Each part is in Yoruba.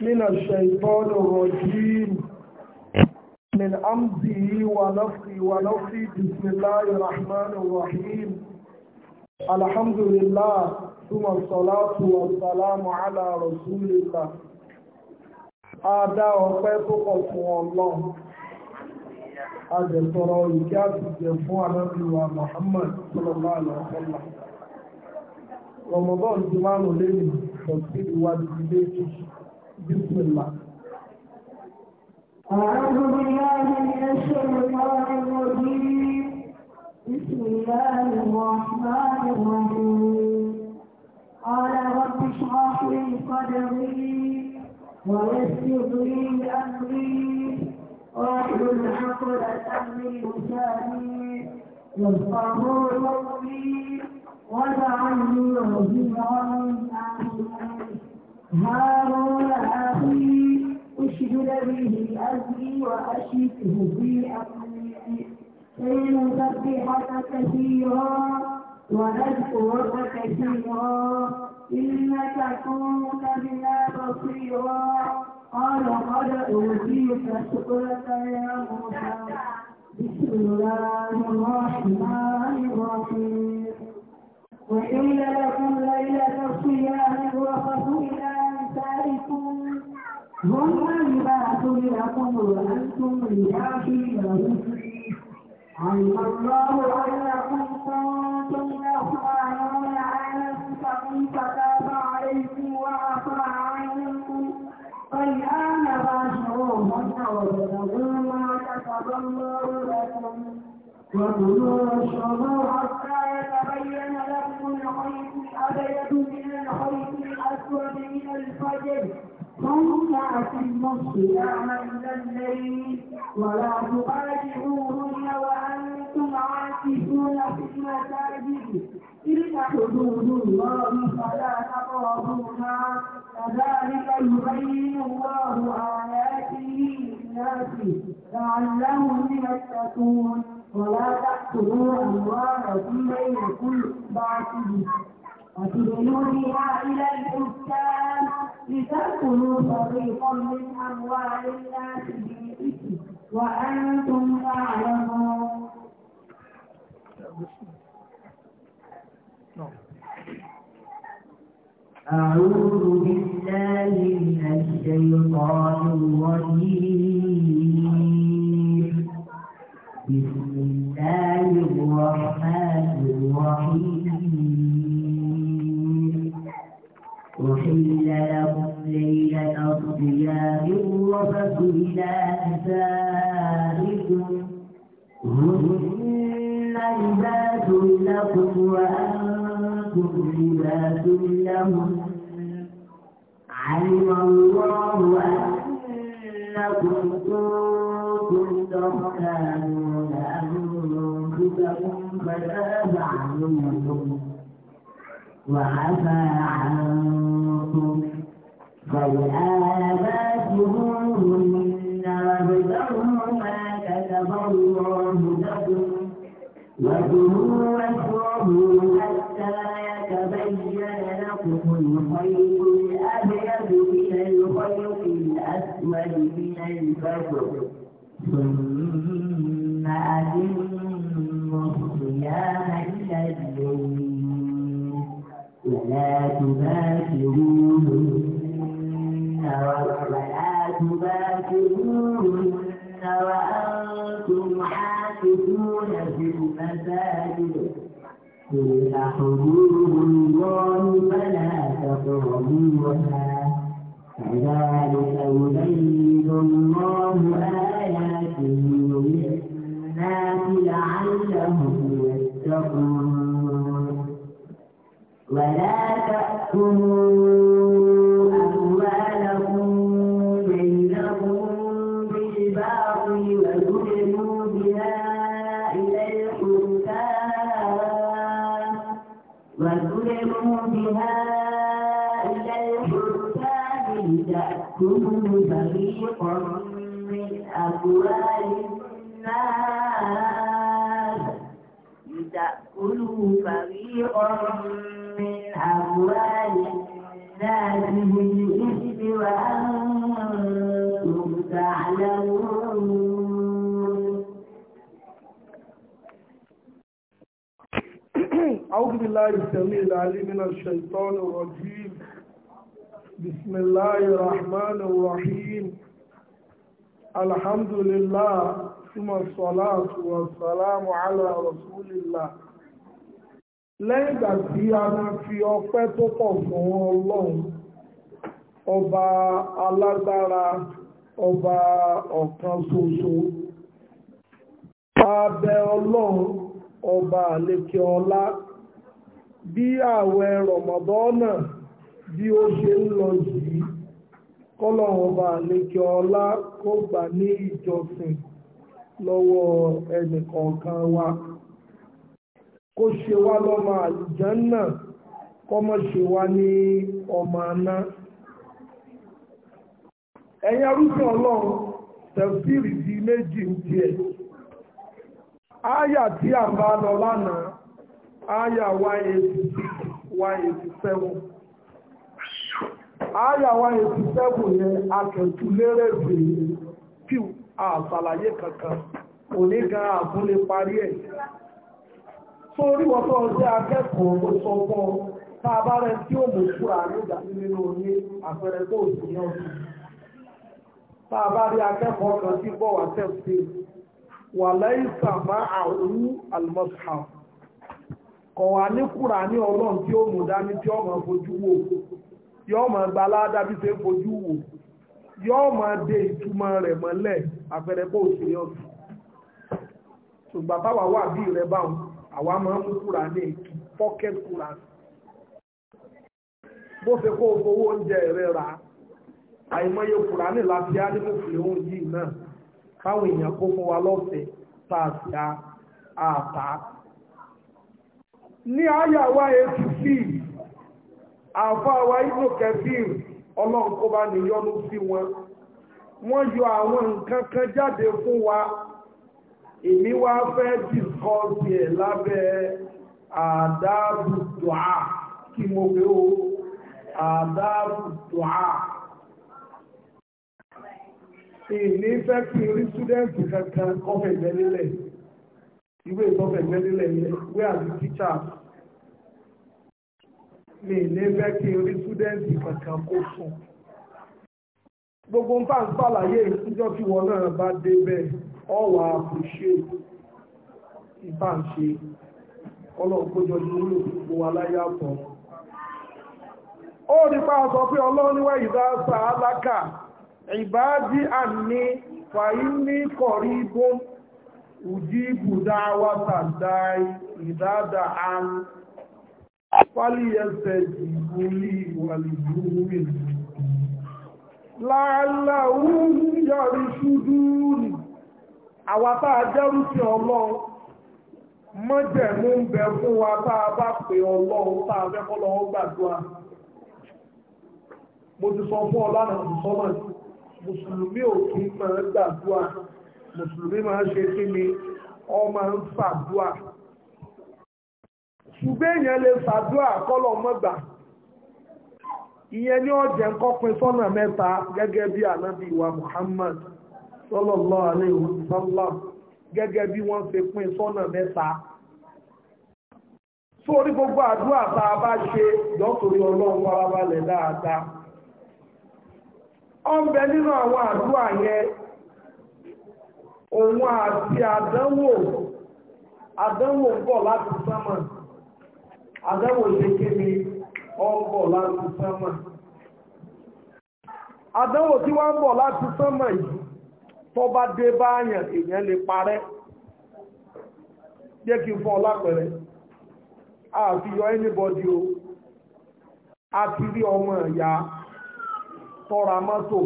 من الشيطان الرجيم من أمضه ونفقه ونفقه بسم الله الرحمن الرحيم الحمد لله ثم الصلاة والسلام على رسول الله Adá ọpẹ́ tó pọ̀ fún Ọlọ́run. Àjẹ̀tọ̀rọ̀ ìkẹ́ àtìjẹ fún Anábíwa Muhammad Sallallahu Alaihi Wasallam. Ramadan ti márùn-ún lẹ́yìn تفسير والد بيتي بسم الله أعوذ بالله من الشيطان الرجيم بسم الله الرحمن الرحيم قال رب اشرح لي صدري ويسر لي أمري واحلل عقدة من لساني يفقهوا قولي واجعلني وزيرا من هارون أخي أشهد به أجري وأشركه في أمري كي نسبحك كثيرا ونذكرك كثيرا إنك كنت بنا بصيرا قال قد أوتيت سؤلك يا موسى بسم الله الرحمن الرحيم وقيل لكم ليلة الصيام الرفث إلى نسائكم هم أنبات لكم وأنتم لباس لهم علم الله أنكم كنتم تخانون على أنفسكم فتاب عليكم وعفى عنكم فالآن باشروهن وابتغوا ما كتب الله لكم وكلوا واشربوا حتى يتبين لكم الخيط الابيض من الخيط الاسود من الفجر ثم اتموا الصيام الى الليل ولا تباشروهن وانتم عاكفون في المساجد تلك حدود الله فلا تقربوها كذلك يبين الله اياته للناس لعلهم يتقون ولا تأكلوا أموالكم بينكم بعضكم وتدلوا بها إلى الحكام لتأكلوا فريقا من أموال الناس بالإثم وأنتم تعلمون أعوذ بالله من الشيطان الرجيم الله الرحمن الرحيم أحل لكم ليلة الصيام الرفث إلى نسائكم هن لباس لكم وأنتم لباس لهم علم الله أنكم كنتم تختانون لهم فلا تعلمكم وعفى عنكم فالآن باشروهن وابتغوا ما كتب الله لكم وكلوا واشربوا حتى يتبين لكم الخيط الأبيض من الخيط الأسود من الفجر ثم أتموا الصيام إلى الليل ولا تباشرون ولا تباشرون وأنتم عاكفون في المساجد تلك حدود الله فلا تقربوها كذلك يبين الله آياته الآيات لعلهم يتقون ولا تأكلوا أموالكم بالباطل بها إلى بها إلى الحكام لتأكلوا فريقا من أموال الناس لتأكلوا فريقا من أموال الناس بالإثم وأنتم تعلمون أعوذ بالله السميع العليم من الشيطان الرجيم بسم الله الرحمن الرحيم الحمد لله ثم الصلاة والسلام على رسول الله lẹ́yìn ìgbà tí a máa fi ọpẹ́ tó pọ̀ fún abẹ ọlọ́run ọba àlekè ọlá bí ààwẹ̀ rọ̀mọ̀dọ́nà bí ó ṣe ń lọ yìí kọ́lọ́run ọba àlekè ọlá kó gbà ní ìjọsìn lọ́wọ́ ẹnìkọ̀ọ̀kan wa kó ṣe wá lọ́mọ àlùjànnà kọ́mọ́ ṣe wá ní ọmọ aná ẹ̀yin arúgbìn ọlọ́run tẹ̀síìrì di méjì ń tiẹ̀ tí a bá lọ lánàá áyà 186 187 áyà sẹ́wọ̀n yẹn lérè àṣàlàyé kankan òní gan àbún lè parí ẹ̀ tó ríwọ́ tó ọjọ́ akẹ́kọ̀ọ́ ló sọ fún ọ tá a bá rẹ tí ó mú fúra nígbà nínú ní àpẹẹrẹ tó òsì náà sí tá a bá rí akẹ́kọ̀ọ́ kan tí bọ̀ wá tẹ̀sí wà lẹ́yìn sàmá àwọn àlùmọ́sà kọ̀ wá ní kúra ní ọlọ́run tí ó mú dání tí ọmọ fojú wò tí ọmọ gbalá dábí ṣe fojú wò yóò máa de ìtumọ̀ rẹ̀ mọ́lẹ̀ àpẹẹrẹ bó o ṣe yọ̀sù ṣùgbọ́n báwa wà bí rẹ̀ báwọn àwa máa mú kúrà ní èkì pocket kúrà bó ṣe kó o fowó oúnjẹ rẹ̀ rà àìmọye kúrà ní láti á ní mòfìlẹ̀ yìí náà káwọn èèyàn kó fún wa lọ́fẹ̀ẹ́ tá a sì àtà ní àyàwá ètùtù àfáwá inú kẹfíìrì ọlọ́run kó bá ní yọ́nú sí wọn wọ́n yọ àwọn nǹkan kan jáde fún wa èmi wá fẹ́ dìkọ́sì ẹ̀ lábẹ́ àdáàbùdùá kí mo pé o àdáàbùdùá ìní fẹ́ kí orí súdẹ́ǹtì kankan kọ́fẹ̀gbẹ́ nílẹ̀ ìwé ìtọ́fẹ̀gbẹ́ nílẹ̀ yẹn wíwà ní tíṣà mi ní fẹ́ kí orí súdẹ́ǹtì kankan kó fún gbogbo nǹkan ṣàlàyé ìtújọ́ tí wọn náà bá débẹ̀ ọ̀wà àpòṣe ìbáǹṣe ọlọ́ọ̀kójọ ìwúlò gbogbo aláyàtọ̀ ó rí pa sọ pé ọlọ́niwá ìdásá alákà ìbájí àní fàyí ní kọ̀rí ibó ùdí ibùdá wátàdá ìdádá àrùn fálíyẹsẹ̀ ìgbòlì wàlìgbòmí láàláwú yọrí ṣúdú nì àwátá jẹ́rú sí ọlọ́run mọ́jẹ̀mú ń bẹ fún wa tá a bá pè ọlọ́run tá a fẹ́ kọ́lọ́ gbàdúrà mo ti sọ fún ọlọ́nà ìsọ́nà mùsùlùmí ò kí máa gbàdúrà mùsùlùmí máa ṣe kí ni ọ máa ń fàdúrà ṣùgbọ́n èèyàn lè ṣàdúrà kọ́lọ̀ mọ́gbà ìyẹn ní ọ̀jẹ̀ ńkọ́pin sọ́nà mẹ́ta gẹ́gẹ́ bí ànábì wa Muhammad sallallahu alaihi wasallam gẹ́gẹ́ bí wọ́n fi pín sọ́nà mẹ́ta sórí gbogbo àdúrà a bá ṣe lọ́tòrí ọlọ́run farabalẹ̀ dáadáa nínú àwọn àdúrà yẹn òun àti àdánwò àdánwò ń bọ̀ láti àdáwò ìdíkí ni ọ̀bọ̀ láti sánmà àdáwò tí wọ́n ń bọ̀ láti sánmà yìí tó bá dé báyàn èèyàn lè parẹ́ jẹ́ kí o a ti rí ọmọ ìyá tọ́ra mọ́tò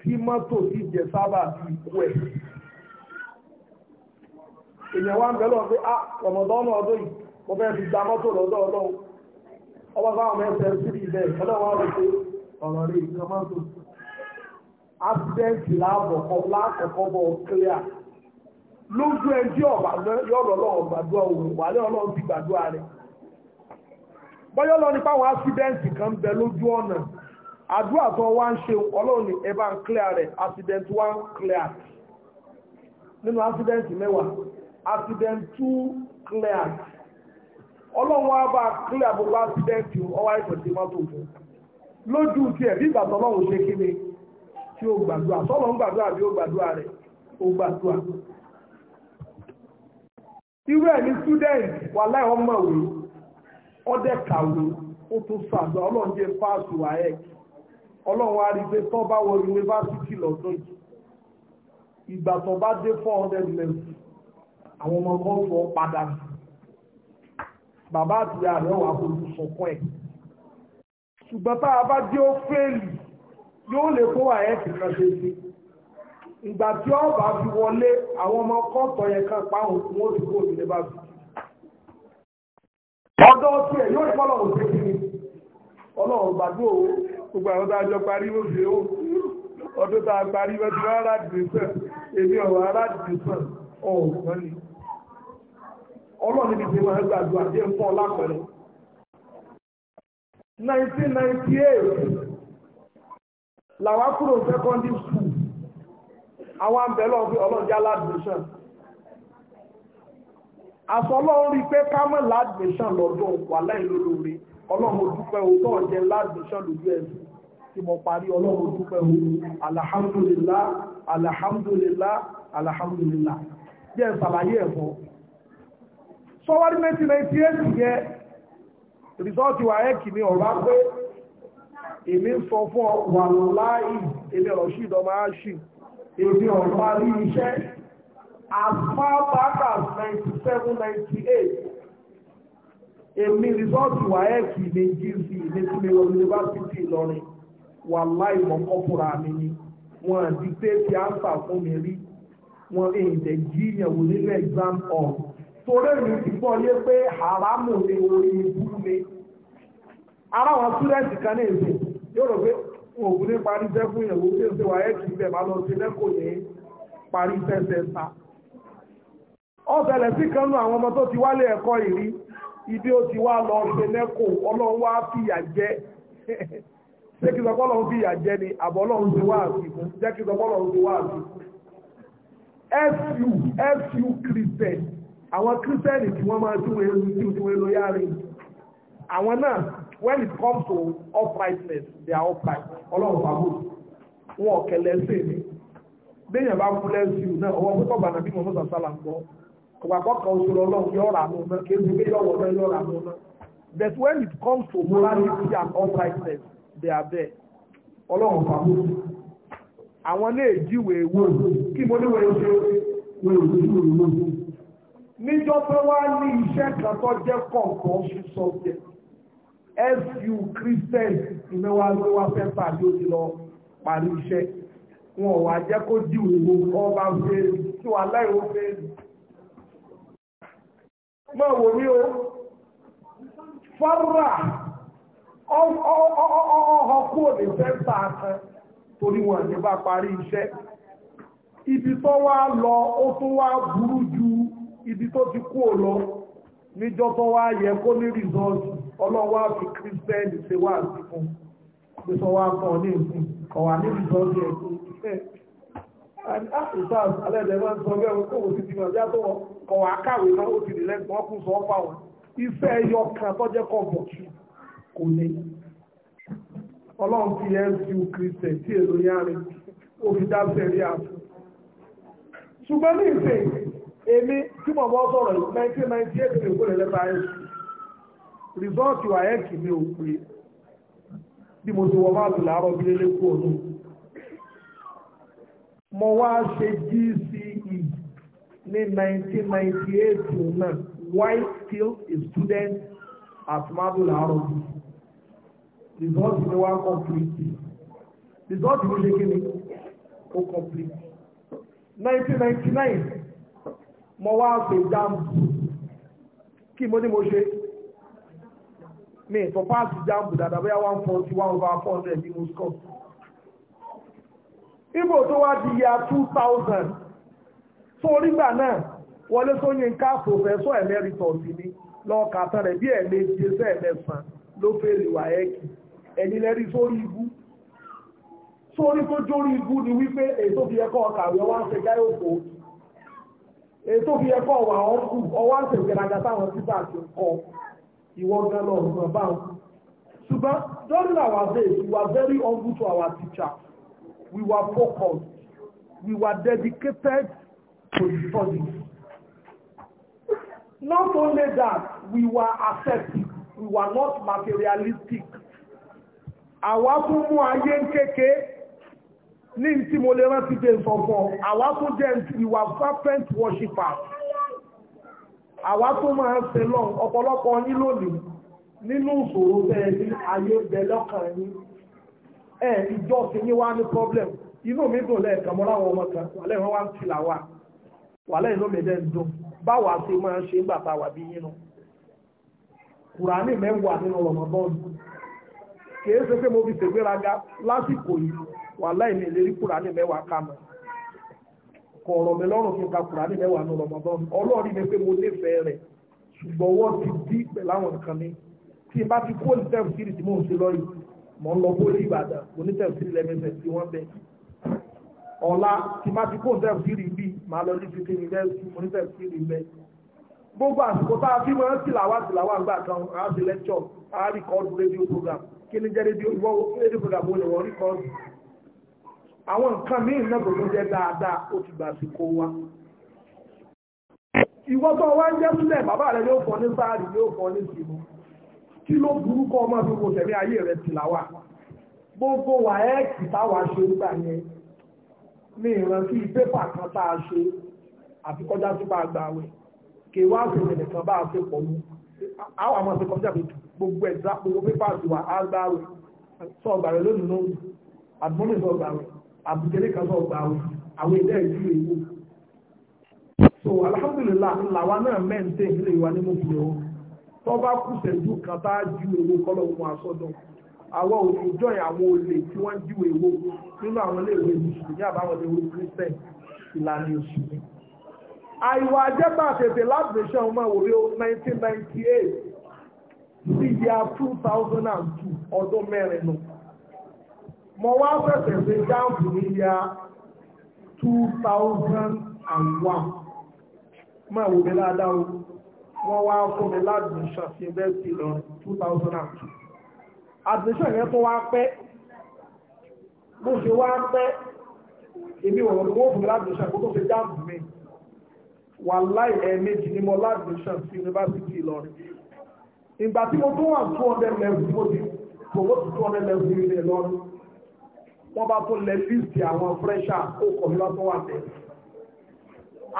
tí mọ́tò ti jẹ sábà ti kú ẹ̀ èèyàn wá ń mo fẹ́ fi gba mọ́tò lọ́dọ̀ ọlọ́run ọba bá àwọn ẹsẹ̀ síbi ilẹ̀ ọlọ́run àwọn ètò ọ̀rọ̀ rẹ̀ ìkan mọ́tò accident láàbọ̀kọ́ láàkọ̀kọ́ bọ̀ clear lójú ẹjí ọ̀bà yọ̀rọ̀ ọlọ́run gbàdúrà òun wà lé ọlọ́run ti gbàdúrà rẹ̀ bọ́yọ́ lọ nípa àwọn accident kan bẹ lójú ọ̀nà àdúrà tó wá ń ṣe ọlọ́run ẹ bá ń clear rẹ̀ accident one clear nínú accident mẹ́wàá accident two clear ọlọ́run wá bá nílẹ̀ àbúkọ́ àtìdẹ́ǹtì ọwá ìpèsè mọ́tò fún lójú ti ẹ̀ bí ìgbàtọ̀ ọlọ́run ṣe kí ni tí ó gbàdúrà sọ́lọ́ ń gbàdúrà bí ó gbàdúrà rẹ̀ ó gbàdúrà irú ẹ̀ ní student wà láì ọmọwé ọdẹ kàwé ó tún sàdọ̀ ọlọ́run jẹ́ fáàsù wáyẹ̀ ọlọ́run á rí pé tó bá wọ yunifásitì lọ́dún yìí tó bá dé four hundred àwọn ọmọ kan padà sí bàbá àti ìyá rẹ̀ wà fojú sunkún ẹ̀ ṣùgbọ́n tá a bá jẹ́ ó fẹ́ẹ̀lì yóò lè kó wà ẹ́ẹ̀sì kan ṣe sí ìgbà tí ó bá fi wọlé àwọn ọmọ kọ́ọ̀tọ̀ yẹn kan páhùn fún ó sì kó òbí lè bá fi ọdọ́ tí ẹ̀ yóò kọ́ lọ́wọ́ sí kí ni ọlọ́run gbàgbọ́ gbogbo àwọn tá a jọ parí ó fi ó ọdún tá a parí wọ́n ti wá aládìsàn èmi ọ̀wọ́ aládìsàn ọ̀hún kan ni ọlọ́run níbi tí wọ́n gbàdúrà dé ń fún ọ lápẹ̀rẹ̀. 1998 làwa kúrò secondary school àwọn àbẹ̀lọ́ fi ọlọ́jà ládùúṣàn. àsọlọ́run rí pé kámọ́ ládùúṣàn lọ́dún wà láì lólórí ọlọ́run òdúpẹ́ òótọ́ ọ̀jẹ́ ládùúṣàn lójú ẹ̀sìn tí mo parí ọlọ́run òdúpẹ́ òun alhamdulillah alhamdulillah alhamdulillah jẹ́ ìsàlàyé ẹ̀fọ́ sọ́wọ́dí 1998 yẹ rìsọ́ọ̀tì wà ẹ́kì ní ọ̀rọ̀ pé èmi ń sọ fún wà láì èmi ọ̀rọ̀ sí ìdọ́mà áṣì èmi ọ̀rọ̀ parí iṣẹ́ as far back as 97-98 èmi rìsọ́ọ̀tì wà ẹ́kì ní gz ní tìmẹ̀rọ yunifásitì Ìlọrin wà láì mọ́kọ́fúnra mi ni wọ́n dìtẹ́ ti áńsà fún mi rí wọ́n èyí tẹ̀ jíyàn wò nínú exam hall torí èmi ụmụ yé pé haramu ni orí ibú ni ara àwọn súrẹ́ǹtì kan ní èdè yóò rò pé wọn ò ní parí iṣẹ́ fún ìyàwó tí ó ṣe wáyé kì í bẹ̀ máa lọ sí lẹ́kọ̀ọ́ ní parí iṣẹ́ sẹ́ńtà ó ṣẹlẹ̀ sí kan nú àwọn ọmọ tó ti wálé ẹ̀kọ́ ìrí ibi ó ti wá lọ ṣe lẹ́kọ̀ọ́ ọlọ́run wá fìyà ṣé kí sọpọ́ lọ́run fìyà ni àbọ̀ ọlọ́run ti wá àti jẹ́ kí sọpọ́ lọ́run ti wá su su christian àwọn kírísítẹ́nì tí wọ́n máa tún èrò tí wọ́n èrò yá rí àwọn náà when it comes to uprightness they are upright ọlọ́run pàbó wọn ọ̀kẹ́ lẹ́sìn ni béèyàn bá kú lẹ́sìn náà ọwọ́ púpọ̀ bàtà bí mọ̀mọ́sà sálà ń gbọ́ ọ̀pàpọ̀ kan oṣù ọlọ́run yọ̀ọ̀rà mọ́ náà kéde pé yọ̀wọ̀ náà yọ̀ọ̀rà mọ́ náà but when it comes to morality and uprightness they are there ọlọ́run pàbó àwọn náà èjì wèé wò kí mo ní wèé ṣe wèé wò níjọ́ pé wá ní iṣẹ́ kan tó jẹ́ compulsory subject su christian ìmẹ́wàá ló wá fẹ́ fà ló ti lọ parí iṣẹ́ wọn ò wá jẹ́ kó di òwò ọba fèrè tí wàá láìwó fèrè. mọ̀ wò ní o fọ́nrà ọ̀họ̀ kúrò ní sẹ́ńtà kan torí wọn ní bá parí iṣẹ́ ibi tó wá lọ ó tún wá burú ju ibi tó ti kú ò lọ níjọ́ tó wá yẹ kó ní rìsọ́ọ̀tì ọlọ́wọ́ àfi kírísítẹ́nì ṣe wà sí fún pé sọ wá kàn ní ìsìn ọ̀wà ní rìsọ́ọ̀tì ẹ̀ àtìsáàs alẹ́dẹ̀ẹ́mọ́ sọ bẹ́ẹ̀ kó wò sí ti wà yàtọ̀ kọ̀wà káwé náà ó ti rí lẹ́gbọ̀n kú sọ fà wọn iṣẹ́ ẹyọ kan tó jẹ́ kọ̀ bọ̀ tù kò ní ọlọ́run fi su kristẹ̀ tí èlò yára ó fi dá sẹ́rí àfún ṣùgbọ́n ní èmi tí mo bọ́ sọ̀rọ̀ yìí nineteen ninety eight ní ìkólẹ̀ lẹ́ta ẹ̀sùn rìsọ́ọ̀tì wà ẹ́ẹ̀kì mi ò pé bí mo ti wọ máa lò láàárọ̀ bí lélẹ́ kú òun mo wá ṣe GCE ní nineteen ninety eight náà while still a student at madu láàárọ̀ bí rìsọ́ọ̀tì mi wá complete rìsọ́ọ̀tì mi ṣe kí ni ó complete nineteen ninety nine mo wá ṣe jáàmù kí mo ní mo ṣe mi ìtọ́ páàsì jáàmù dáadáa bóyá one forty one over four hundred ní mo score ibo tó wá di ya two thousand tó orígbà náà wọlé sóyínká pòfẹ́sọ̀ ẹ̀mẹ́rìtọ̀sì ni lọ́ọ̀kà tán rẹ̀ bí ẹ̀mẹ́jẹ sẹ́ẹ̀mẹ́sàn ló fẹ́ẹ̀lì wà ẹ́kì ẹ̀yìn lẹ́rí sórí ibú sórí tó jórí ibú ni wípé èyí tó fi ẹ̀kọ́ ọkàwé wá ń ṣe gáyòkó èyí fi ẹ̀kọ́ wà ọ́n ọwọ́ àṣẹ ìgbéraga táwọn tí bá ti kọ ìwọ gan ọ̀gbọ̀n bá wọn. ṣùgbọ́n during our days we were very humble to our teacher we were focused we were dedicated to the studies. Not only that we were accepting. we were not materialistic. àwa tún mú ayé ń kékeré ní tí mo lè rántí jẹ́ ìsọ̀kan àwa tó jẹ́ ìwà serpent worshiper àwa tó máa ń ṣe lọ ọ̀pọ̀lọpọ̀ yín lónìí nínú ìṣòro bẹ́ẹ̀ ní ayé bẹ lọ́kàn ẹ ìjọ sí yín wá ní problem inú mi dùn lẹ́ẹ̀kan mọ́ láwọn ọmọ kan wàlẹ́ ìwọ́n wá ń tilà wà wàlẹ́ ìlú mi dẹ́n dùn báwa ṣe máa ń ṣe nígbà tá a wà bí yín nu kùránì mẹ́wàá nínú wàláhì mi lè rí kùránì mẹ́wàá kà mọ́ kọ̀ ọ̀rọ̀ mi lọ́rùn kí n ka kùránì mẹ́wàá nù rọmọdán ọlọ́ọ̀rí mi pé mo nífẹ̀ẹ́ rẹ̀ ṣùgbọ́n wọ́n ti dí pẹ̀láwọn nǹkan mi tí n bá ti kó onítẹ̀fù sírì tí mò ń ṣe lọ́yìn mò ń lọ bóyá Ìbàdàn onítẹ̀fù sírì lẹ́mẹsẹ̀ tí wọ́n bẹ ọ̀la tí n bá ti kó onítẹ̀fù sírì bíi màá lọ ní fífi onítẹ̀fù sírì bẹ́ẹ̀ gbogbo àsìkò tá a fi mọ́ tìlàwà tìlàwà gbà kan àá ti lẹ́kṣọ̀ àá rìkọ́ọ̀dù rédíò program kí ni jẹ́ rédíò program wo ni wọ́n rìkọ́ọ̀dù àwọn nǹkan míì lẹ́gbọ̀n ló jẹ́ dáadáa ó ti gbà sí kó wá ìwọ́tọ̀ wá ń jẹ́ sílẹ̀ bàbá rẹ̀ yóò fọ́ ní sáàrì yóò fọ́ ní ìsinmi kí ló burú kọ́ ọmọ tó kò tẹ̀mí ayé rẹ̀ ti láwà gbogbo wà ẹ́ kìtàwà ṣe nígbà yẹn ní ìrántí pépà kan tá a ṣe àti kọjá tó bá gbà wẹ̀ kì í wá sí ìrìnlẹ̀ kan bá a ṣe pọ̀ mú àwọn àmọ́ ṣe kọjá pé gbogbo ẹ̀dá gbogbo pépà ti wà á gbà wẹ̀ sọ rẹ̀ lónìí lónìí àdúgbò àbùkẹ́lẹ́ kan sọ gba àwọn ilé ìlú èkó so alhamdulillah làwa náà mẹ́ǹtẹ́ ìlú ìwà ní mọ́kù lọ́wọ́ tó bá kú sẹ́jú kan tá a ju èwo kọ́lọ̀ wọn àsọdọ̀ àwọn òjòjọ́ àwọn olè tí wọ́n ju èwo nínú àwọn iléèwé mùsùlùmí àbáwọn iléèwé kristẹ ìlànà èṣù ni àìwà àjẹgbà tètè last nation ọmọ òwe 1998 sí ìyá 2002 ọdún mẹ́rin náà mo wá fẹ̀sẹ̀ sí jáàmù ní ya 2001 máa wò mí ládàá o wọ́n wá fún mi ládùúṣàn sí ẹgbẹ́sì lọ 2002 admission yẹn tó wá pẹ́ bó ṣe wá pẹ́ èmi ò rọrùn wọ́n fún mi ládùúṣàn kó tó fi jáàmù mi wà láì ẹ̀ẹ́mẹ́jì ni mo ládùúṣàn sí University Ìlọrin ìgbà tí wọ́n bá tó lẹ fíìsì àwọn fẹ́ṣà ó kọ̀ mí lọ́tún wà tẹ̀.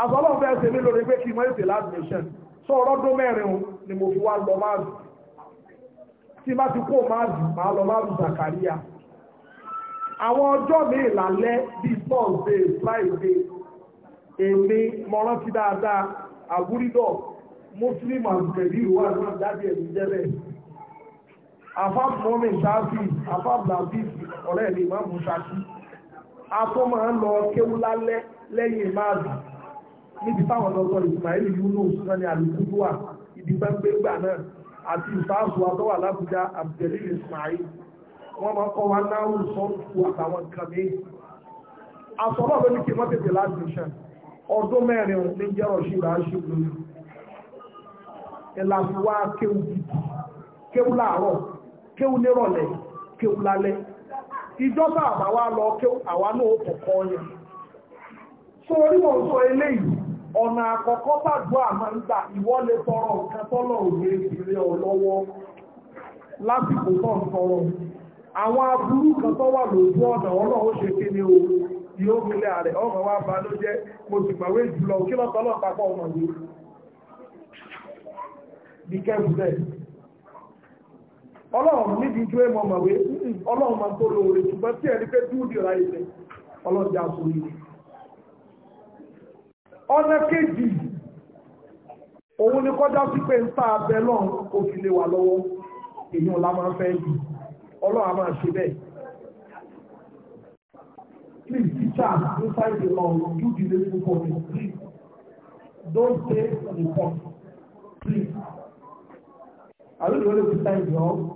àsọlọ́ fẹ́ ṣe mí lórí pé kí wọ́n ṣe ládùmíṣàn sọ ọlọ́dún mẹ́rin ni mo fi wá lọ máàlù tí bá ti kó máàlù máa lọ máàlù Zakaria àwọn ọjọ́ mi ìlàlẹ́ bíi Thursday Friday èmi mo rántí dáadáa àbúrídọ̀ Muslim and kẹ̀lí ìwà náà jáde ẹ̀mí jẹ́lẹ̀ afáàmọ́mí sáfì afáàbùlàbí ọ̀rẹ́ mi máa mú sáfì a tó máa ń kewula kéwú lálẹ́ lẹ́yìn máàbì níbi táwọn lọ́sọ ìsmaili yunus náà ni àlùkúdùwà ibi pẹ́ńpẹ́ gbà náà àti ìfáàsù àtọ́wà lábújá abdulil ismail wọ́n máa kọ́ wa náà ń sọ fún àtàwọn nǹkan mi àtọ́lọ́ ló ní kí wọ́n tètè láti ṣàn ọdún mẹ́rin ní jẹ́rọ̀ ṣì bá ṣe lórí ìlànà wa kéwú nírọ̀lẹ́ kéwú lálẹ́ ìjọba àbáwá lọ kéwú àwa náà kọ̀kọ́ yẹn so orí sọ eléyìí ọ̀nà àkọ́kọ́ bàgbọ́ àmà ń gbà tọrọ nǹkan tọ́lọ̀ òye ìrẹ́ ọ lọ́wọ́ lásìkò ń tọrọ àwọn aburú kan o yóò ààrẹ ọmọ wa bá ló mo sì gbàwé jùlọ kí ọmọ yìí ọlọ́run níbi ju ẹmọ mọ̀wé ọlọ́run máa tó lóore ṣùgbọ́n tí ẹni pé dúdì ra ilẹ̀ ọlọ́run já sórí ilẹ̀ ọ̀nà kejì òun ni kọjá sí pé ń tà abẹ náà kò fi lè wà lọ́wọ́ èèyàn la máa fẹ́ yìí ọlọ́run a máa ṣe bẹ́ẹ̀ please teacher inside the law do the lesson for me please don't take report please. Are you the only time you know?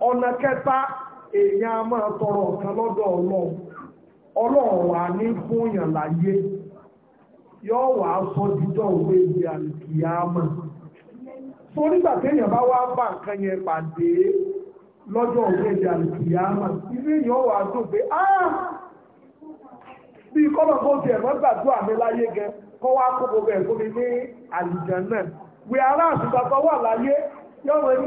ọ̀nà kẹta èèyàn a máa tọrọ ọ̀kan lọ́dọ̀ ọlọ́run ọlọ́run a ní fún yàn láyé yóò wà á sọ dídọ̀ òwe so nígbà téèyàn bá wá bá nǹkan yẹn pàdé lọ́jọ́ òwe ilé wà á dùn pé ah! bí tó ti ẹ̀mọ́ gbàdúrà mi láyé kọ́ wá kó gbogbo ẹ̀ fún mi ní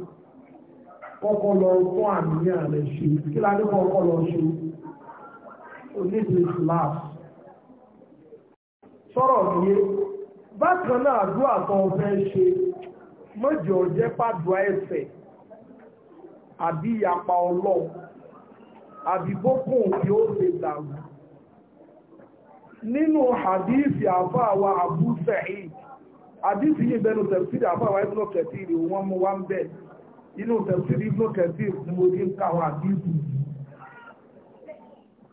kọ́kọ́ lọ fún àníyàn rẹ̀ ṣe kí ládé kọ́kọ́ lọ ṣe onídìí slav sọ̀rọ̀ níye bákan náà àdúrà tó ń fẹ́ ṣe mọ́jọ jẹ́ pàdùá ẹ̀fẹ̀ àbí ìyapa ọlọ́ọ̀ àbí bókùn tí ó ṣe dàrú nínú hadithi àfáàwà Abu Sa'id hadithi yìí bẹnu tẹ̀síì àfáàwà ẹ̀dùnà kẹtìrì wọn mú wá ń bẹ́ẹ̀ inú tẹ̀sílì ìgbókẹ̀sí ni mo ti ń káwọn àdínkù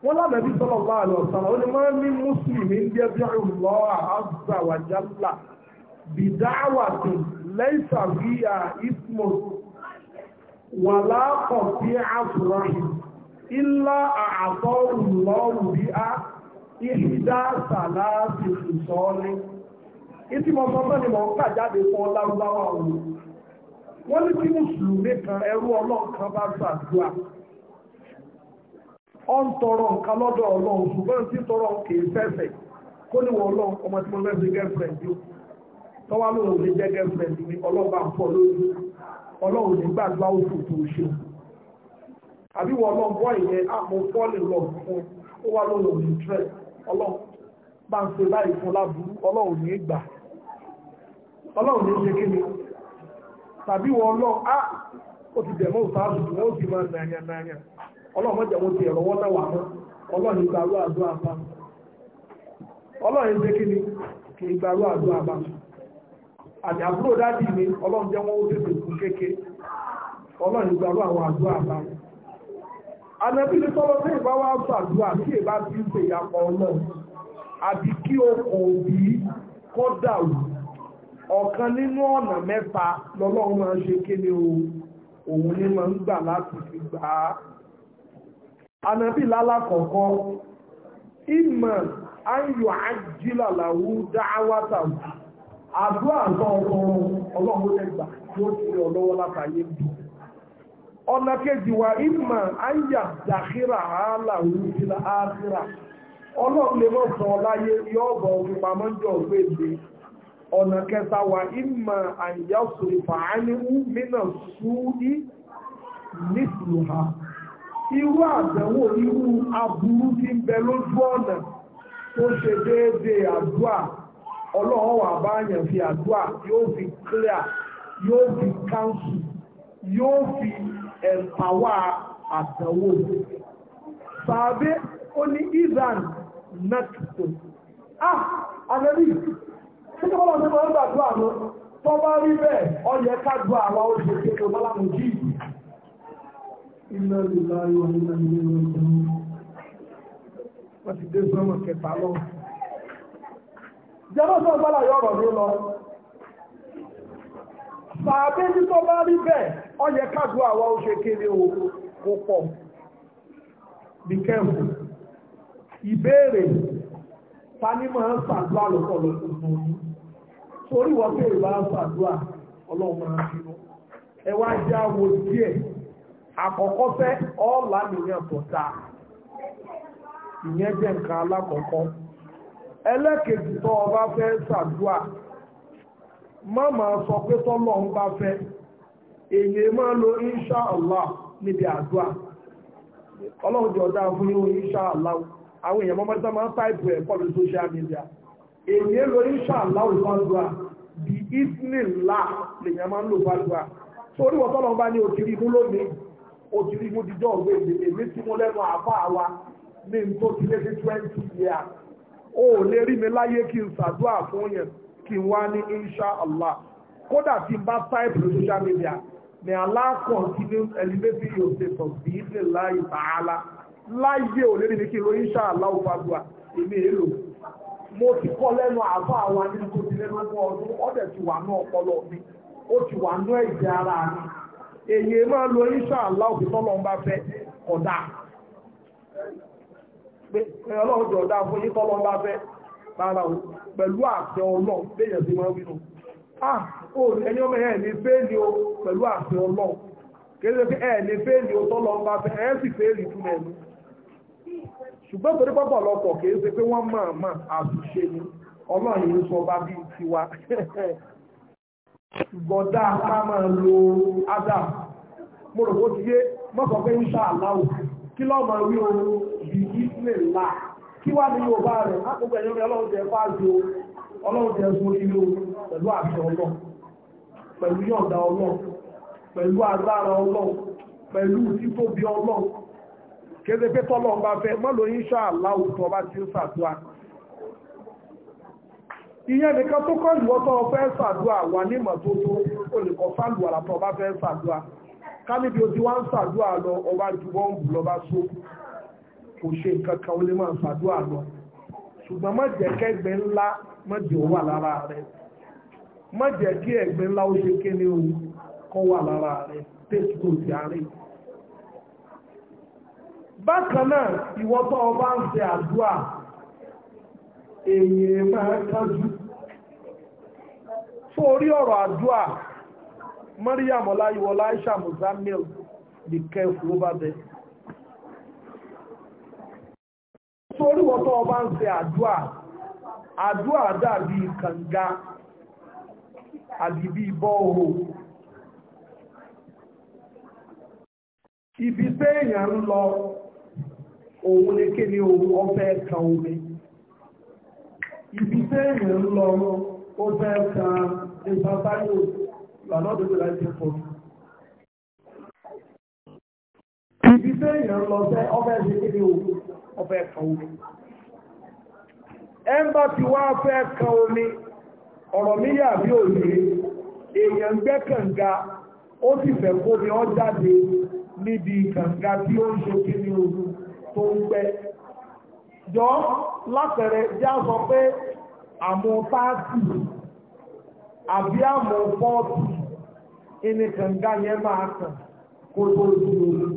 wọ́n lábẹ̀bí sọ́lọ̀ bá àlọ́ ọ̀sán ó ní máa ní mùsùlùmí ń jẹ́ bí ọ̀rùnlọ́ àhàzà wàjálà lẹ́sà bí ismo wà láàpọ̀ sí àfúráhì ilá àtọ́ ọ̀rùnlọ́rù bí sàlá ti sùsọ́ọ́lé ìtìmọ̀ sọ́tọ́ ni mọ̀ ń kà jáde fún wọ́n ní kí mùsùlùmí kan ẹrú ọlọ́run kan ọ ń tọrọ nǹkan lọ́dọ̀ ọlọ́run ṣùgbọ́n tí tọrọ kì í kó ní wọ ọlọ́run ọmọ tí mo fẹ́ fi ó tọ́wá lóun ò ní jẹ́ ọlọ́ba lójú ọlọ́run ní gbàdúrà tó ṣe àbí wọ ọlọ́run bọ́ ìyẹn ah, tàbí wọn lọ á ó ti dẹ̀mọ́ òsáàdù wọn ó sì máa ti ẹ̀rọ wọ́tà wà mọ́ ọlọ́run ìgbàrú àdó àbá ọlọ́run ṣe kí ni kì í gbàrú àdó àbá àti mi ọlọ́run jẹ́ wọn ó tètè kú kéke ọlọ́run àwọn àdó àbá anabi ní tọ́lọ́ sí ìbá wa ń ọlọ́run àbí kí ọ̀kan nínú ọ̀nà mẹ́ta lọ́lọ́run máa ń ṣe kéde o òun ni máa ń gbà láti fi gbà á ànábì lálàkọ̀ọ́kọ́ ìmọ̀ ayọ̀ ajílàláwú dáwátà àdúrà àtọ́ ọkọ̀ọ̀rọ̀ ọlọ́run lẹ́gbà tó ti rẹ̀ ọlọ́wọ́ látàyé bù ọ̀nà kejì wa ìmọ̀ dàkírà ọlọ́run lè mọ̀ láyé òfin ọ̀nà kẹta wà ìmọ̀ àyàsù ìfàánihú mínà súúdí nìtìlúha irú àbẹ̀wò irú aburú tí ń bẹ lójú ọ̀nà tó ṣe déédéé àdúà ọlọ́run wà báyàn fi àdúà yóò fi clear yóò fi counsel yóò fi ẹ̀mpàwà àtẹ̀wò sàbẹ́ ó ní ìzàn náà ah alẹ́rí Títí bọ́lá ti máa ń gbàdúrà mọ́, tó bá rí bẹ́ẹ̀, ó yẹ ká du àwa ó ṣe kékeré bọ́lá mú jí. Iná lè láyé wọn nígbà nílé wọn tó o kó pọ̀. Be careful. Ìbéèrè ta ni máa ń sàdúrà lọ́pọ̀lọpọ̀ fún torí wọ́n pé ìbá ṣàdúrà ọlọ́run máa bínú ẹ wá jẹ́ àwọ̀ àkọ́kọ́ fẹ́ ọ̀la nìyẹn tó ta ìyẹn jẹ́ nǹkan alákọ̀ọ́kọ́ ẹlẹ́kejì tó fẹ́ ṣàdúrà má máa sọ pé ń bá fẹ́ èyí máa insha allah níbi àdúrà ọlọ́run dáa fún yín insha allah àwọn èèyàn mọ́mọ́tá èyí ló inshallah di bí ìsìnlá lèyàn máa ń lò fàdùà wọ́n tọ́lọ́ bá ní òkìrí imú lónìí òkìrí òwe èmi tí mo lẹ́nu àbá ní n tó ti lé sí twenty lè rí mi láyé kí n ṣàdúà fún yẹn kí n wá ní kódà tí n bá social media láyé mo ti kọ́ lẹ́nu àbá àwọn anínúkó ti lẹ́nu ọgbọ́n ọdún ọ̀dẹ̀ ti wà ní ọpọlọ mi ó ti wà ní ẹ̀jẹ̀ ara mi èyí máa lo inṣàlá òbí tọ́lọ́ bá fẹ́ kódà pé ọlọ́run jọ o pẹ̀lú ọlọ́run léèyàn o ẹni ọmọ ẹ̀ ní fẹ́ẹ̀lì o pẹ̀lú o tọ́lọ́ ṣùgbọ́n torí pọ́pọ̀ lọ́pọ̀ kìí ṣe pé wọ́n máa máa àtúnṣe ni ọlọ́run yìí sọ bá bí tiwa gọ̀dá ká máa lo adam mo rò ó ti yé mọ́sọ̀ pé ń ṣá àláwò kí lọ́ máa wí ooru bí ìsìlẹ̀ ńlá kí wá ní yorùbá rẹ̀ lákòókò ẹ̀yọ́ rẹ̀ ọlọ́run jẹ́ fáàzì o ọlọ́run jẹ́ sun ìlú pẹ̀lú àṣẹ ọlọ́run pẹ̀lú yọ̀ǹda ọlọ́run pẹ̀lú agbára ọlọ́run pẹ̀lú títóbi ọlọ́run kéde pé tọ́lọ̀ ń bá fẹ́ mọ́lò insha Allah tó bá ti ń ṣàdúrà ìyẹn nìkan tó kọ́ ìwọ́ tó fẹ́ ṣàdúrà wà ní ìmọ̀tótó olùkọ́ fáàlù àlà tó bá fẹ́ ṣàdúrà ká níbi ojú wá ń ṣàdúrà lọ ọba ju wọ́n bù lọ bá so kò ṣe nǹkan kan ó lè máa ṣàdúrà lọ ṣùgbọ́n má jẹ́ kẹ́gbẹ́ ńlá má jẹ́ ó wà lára rẹ̀ má jẹ́ kí ẹ̀gbẹ́ ńlá ó ṣe kéde òun kọ́ wà lára rẹ̀ tẹ́sí kò àárín bákan náà ìwọ ọba ń ṣe àdúrà èyí máa kájú fún orí ọ̀rọ̀ àdúrà Aisha Muzamil di careful over there torí wọ́n tó o bá ń dàbí kànga àbíbí bọ́ọ̀hù ibi téèyàn ń lọ òun ní kí ni òun ọfẹ́ kan omi ibi tẹ́yìn ń lọ ó fẹ́ kan ipa báyò lọ́nà tó gbèrà ti pọ̀ ibi tẹ́yìn ń lọ fẹ́ ọfẹ́ sí kí ni òun ọfẹ́ kan omi ẹ̀mbà tí wá fẹ́ kan omi ọ̀rọ̀ mi yà bí òye èèyàn gbẹ́ kànga ó sì fẹ́ kó mi ọ́ jáde níbi kànga tí ó ń ṣe kí ni òun tó ń jọ látẹ̀rẹ̀ já pé àmọ́ táàtì àbí àmọ́ pọ́ọ̀tì ìnìkànga yẹn máa kàn kó tó dúró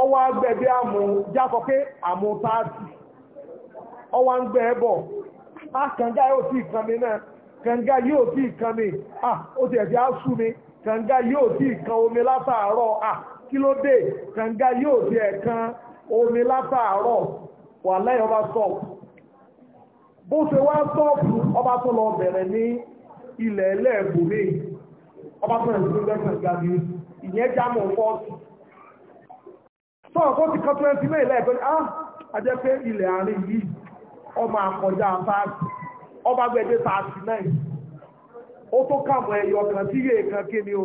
ọwọ́ agbẹ̀bí àmọ́ já pé àmọ́ táàtì ọwọ́ ń gbẹ á ah, kànga yóò tí ìkànnì náà kànga yóò tí ìkànnì à ó omi látàárọ̀ à ah, kí ló dé kànga yóò omi látàárọ̀ wà lẹ́yìn ọba sọ́ọ̀pù bó ṣe wá sọ́ọ̀pù ọba tó lọ bẹ̀rẹ̀ ní ilẹ̀ ẹlẹ́ẹ̀bùnmí ọba tó rẹ̀ sí lẹ́sẹ̀ gàdí ìyẹn jámọ̀ fọ́ọ̀tù sọ́ọ̀ ti kọ́tún ẹtí ni ajẹ́ pé ilẹ̀ àárín yìí ọmọ àkọjá ọba náà ó tó kàmù ẹ̀yọ̀ kan tí kan o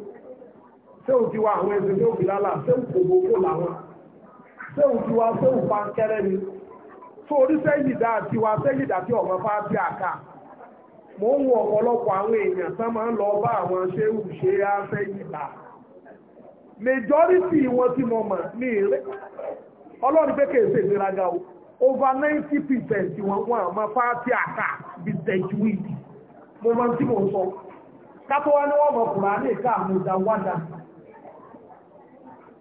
sẹ́wù ti wá àwọn ẹgbẹ́ tó fi lálà sẹ́wù kòkòkò làwọn sẹ́wù ti wá sẹ́wù pankẹ́rẹ́ ni tó orí sẹ́yìdá àti wá sẹ́yìdá tí ọ̀mọ́ bá bí àká mò ń wọ ọ̀pọ̀lọpọ̀ àwọn èèyàn tán máa ń lọ bá àwọn ṣéwù ṣe á sẹ́yìdá majority wọn tí mo mọ̀ ní eré ọlọ́run pé kèsè ìgbéraga o over ninety percent wọn wọn àmọ́ fáàtì àká bí tẹ̀júwìdì mo máa ń tí mo sọ kápẹ́ wá wọ́n mọ̀ kùrà ní ìka àmúdá wádàá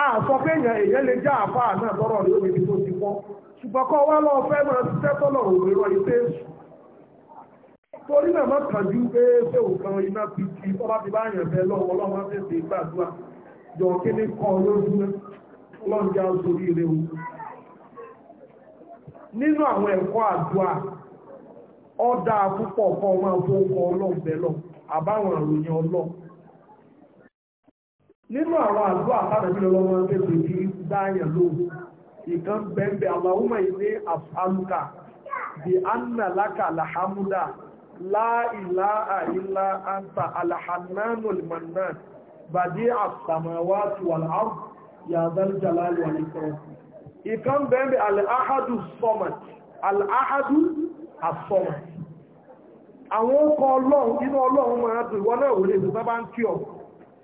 àsọ pé èèyàn èèyàn lè já àfáà náà lọ́rọ̀ ní omi tó ti pọ́ ṣùgbọ́n kọ́ wá lọ fẹ́ máa ṣiṣẹ́ tọ́lọ̀ òmìnira ìpé èṣù torí náà má kàjú pé ṣé òkan iná fi ti ọba ti bá yàn bẹ lọ́wọ́ ọlọ́run á tètè gbàdúrà jọ kí ní kọ́ lójú ọlọ́run já sórí ire o nínú àwọn ẹ̀kọ́ àdúrà ọ̀dà púpọ̀ kọ́ máa fowó kọ́ ọlọ́run bẹ lọ àbáwọn àròyìn ọlọ́run nínú àwọn àdúrà àtàrẹ̀bí lọ́wọ́ tẹ́sẹ̀ bí dáyẹ̀ ló ìkan bẹ̀m̀bẹ̀ Allahumma ilé àfàlùkà bí anna laka alhamda la ilaha illa anta alhannanu almannan badi as-samawati wal ard ya dhal jalali wal ikram àwọn ọkọ̀ ọlọ́run inú ọlọ́run máa dùn ìwọ náà wòlé ìbùsọ́ bá ń kí ọ̀pọ̀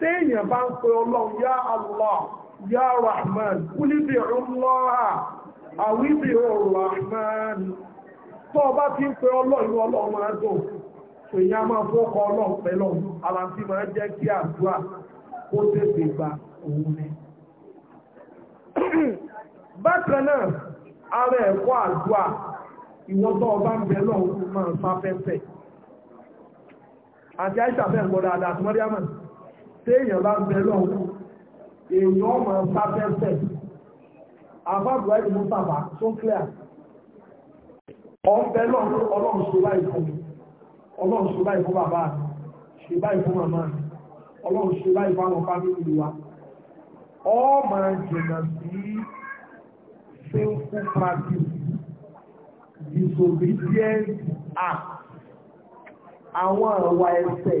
téèyàn bá ń pe ọlọ́run yá Allah yá Rahman kúlíbì àwíbì Rahman tó bá ti ń pe ọlọ́run ọlọ́run máa dùn èyí máa fọ́kọ ọlọ́run pẹ̀lọ́ ara jẹ́ kí àdúrà ó gba òun ni. bákan náà ara ẹ̀kọ́ àdúrà ìwọ́tọ̀ ọba ń bẹ máa àti àìsàfẹ́ téèyàn bá bẹ lọ́wọ́ èèyàn ọmọ sáfẹ́fẹ́ àbábọ̀ ẹ̀dì mú bàbá tó clear ọ̀bẹ lọ́wọ́ ọlọ́run ṣe báyìí fún mi ọlọ́run ṣe báyìí fún bàbá mi ṣe báyìí fún màmá mi ọlọ́run ṣe báyìí fún àwọn fámìlì wa ọmọ jìnnà sí sinful practice disobedient act àwọn àwa ẹsẹ̀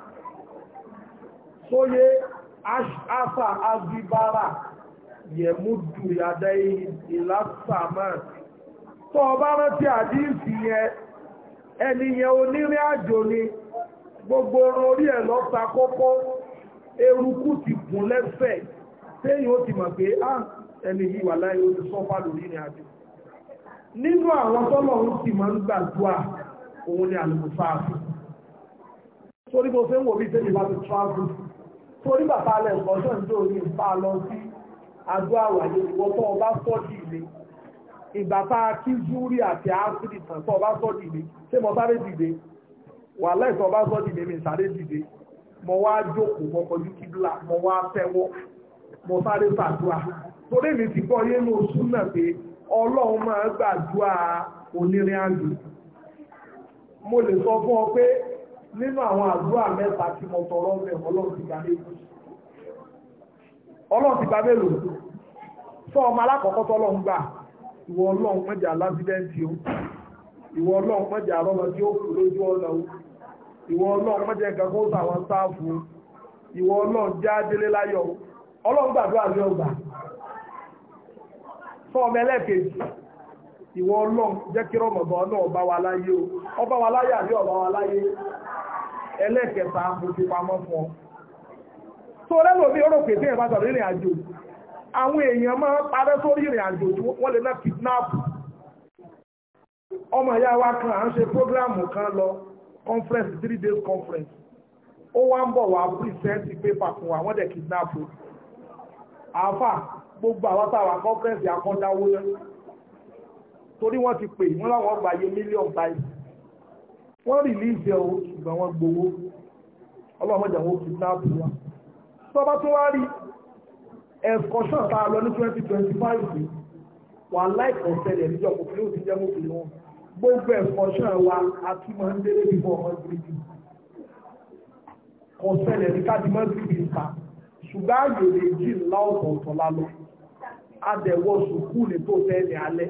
sóyé afa azibara yẹ̀múdù yàdá ìlàsàmà tó ọba rántí àdíìsì gbogbo orí elota lọ́ta eruku ti gùn lẹ́sẹ̀ ti mọ̀ pé á ah, ẹni yìí wà láyé orí sọ́fà àjò nínú àwọn tọ́lọ̀ ń òun ni mo torí bàbá alẹ́ ìkọ́jọ́ ìjọ orí ìfà lọ sí adó àwàyé ìwọ tó ọba sọ́ọ̀dì ilé ìbàbá kíjúrí àti áfírí tàn tó ọba sọ́ọ̀dì ilé ṣé mo sáré dìde wà lẹ́sọ̀ ọba sọ́ọ̀dì ilé mi sáré dìde mo wá jókòó mo kọjú kíbla mo wá tẹ́wọ́ mo sáré sàdúrà torí mi ti gbọ́ yé ní oṣù náà pé ọlọ́run máa gbàdúrà onírin àjò mo lè sọ fún ọ pé nínú àwọn àdúrà mẹ́ta tí mo tọrọ rẹ̀ ọlọ́run ti gbà mélòó sọ ọmọ alákọ̀ọ́kọ́ gbà ìwọ ọlọ́run o ìwọ ọlọ́run tí ó kù lójú ọ̀nà o ìwọ ọlọ́run sáàfù o ìwọ ọlọ́run já ìwọ ọlọ́run jẹ́ kí rọmọ̀bọ̀ náà bá wa láyé o ọba wa láyé àbí ọba wa láyé ẹlẹ́ẹ̀kẹta mo fi pamọ́ fún ọ tó lẹ́nu omi ọ̀rọ̀ pé téèyàn bá sọ̀rọ̀ ìrìn àjò àwọn èèyàn máa ń parẹ́ sórí ìrìn àjò tí wọ́n lè ná kidnap ọmọ ìyá wa kan à ń ṣe prógráàmù kan lọ conference three days conference ó wá ń bọ̀ wá present paper fún wa wọ́n dẹ̀ kidnap o àáfà gbogbo àwọn táwa conference àkọ́dáwó náà torí wọ́n ti pè wọ́n láwọn gbàyé mílíọ̀n báyìí wọ́n rí líìsẹ̀ o ṣùgbọ́n wọ́n gbowó ọlọ́mọdé àwọn kìdínápù wa tó bá tún wá rí ẹ̀kọ́ṣàn tá a lọ ní 2025 wà láìpọ̀ tẹ́lẹ̀ níjọ́ kò fi ó ti jẹ́ mọ́fìlì wọn gbogbo ẹ̀kọ́ṣàn wa a tún máa ń délé bí fọ́ ọmọ gírígì kò ṣẹlẹ̀ ní kádìmọ́ gírígì ta ṣùgbọ́n àgbèrè jìn láọ̀tọ̀ọ̀tọ̀ lálọ́ adẹ̀wọ̀ sùkúù ní tó tẹ́lẹ̀ alẹ́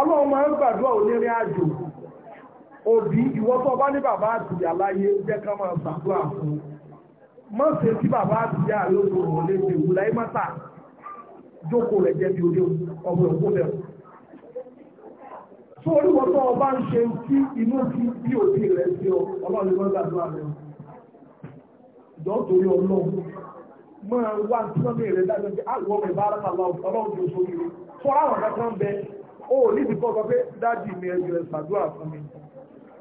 ọlọ́run máa ń gbàdúrà onírin àjò òbí ìwọ́tọ́ bá ní bàbá àtìyà láyé jẹ́ ká máa gbàdúrà fún mọ́ sí tí bàbá àtìyà ló tó rọ̀ lé ti wù láyé mọ́ta jókòó rẹ̀ jẹ́ bí ojú ọmọ ìkó bẹ̀rù tó oríwọ́tọ́ ọba ń ṣe tí inú ti bí òbí rẹ̀ sí ọ ọlọ́run ló gbàdúrà rẹ̀ ìjọ́ torí ọlọ́run máa wá tí wọ́n ní ìrẹ́dájọ́ pé àwọn ọmọ ìbára ó níbi kọ́ sọ pé dájì mi ẹjọ́ ìṣàdúrà fún mi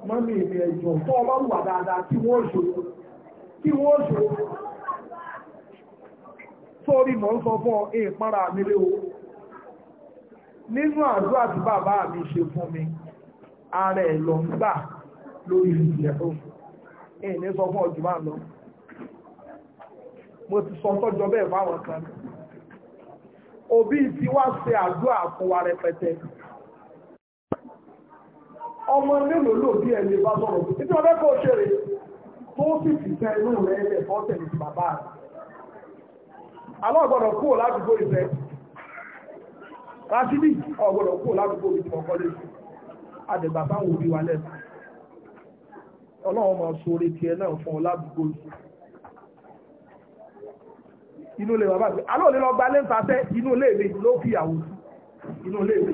mọ́mí mi ẹjọ́ tó ọba wà dáadáa kí wọ́n ṣòro kí wọ́n ṣòro sórí mọ̀ ń sọ fún ọ ìpara mi léwo nínú àdúrà tí bàbá mi ṣe fún mi ara ẹ̀ lọ ń gbà lórí ìrìnlẹ̀ tó ẹ̀yìn sọ fún ọjọ́ máa lọ mo ti sọ tọ́jọ bẹ́ẹ̀ fáwọn kan òbí ti wá ṣe àdúrà fún rẹpẹtẹ ọmọ mélòó lò bí ẹni bá sọ̀rọ̀ bí tí wọ́n fẹ́ kó ṣe rè tó sì fi fẹ́ inú rẹ̀ ẹ̀jẹ̀ fọ́ tẹ̀lé ti bàbá rẹ̀ alọ́ ọ̀gbọ́dọ̀ kúrò ládùúgbò ìfẹ́ rásíbì ọ̀gbọ́dọ̀ kúrò ládùúgbò ìfẹ́ ọ̀kọ́lé àdẹ̀gbà fáwọn òbí wa lẹ́nu ọlọ́run máa so orí tiẹ̀ náà fún ọ ládùúgbò ìfẹ́ inú ilé wa bá ti alọ́ òní lọ gba lẹ́ńtàṣẹ́ inú ilé mi ló fi àwọn inú ilé mi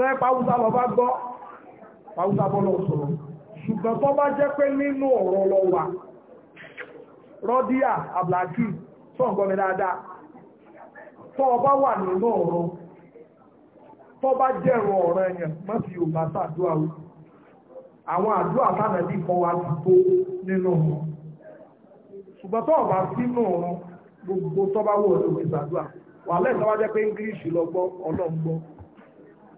tẹ́ pàwùsà lọ bá gbọ́ pàwùsà bọ́ lọ sọ̀rọ̀ ṣùgbọ́n tó bá jẹ́ pé nínú ọ̀rọ̀ lọ wà rọ́díà àbláàkì sọ̀gbọ́n mi dáadáa tó ọba wà nínú ọ̀rọ̀ tó bá jẹ́ ẹ̀rọ ọ̀rọ̀ má fi yorùbá àwọn kan wà gbogbo tó bá wọ̀ ọ̀rọ̀ wà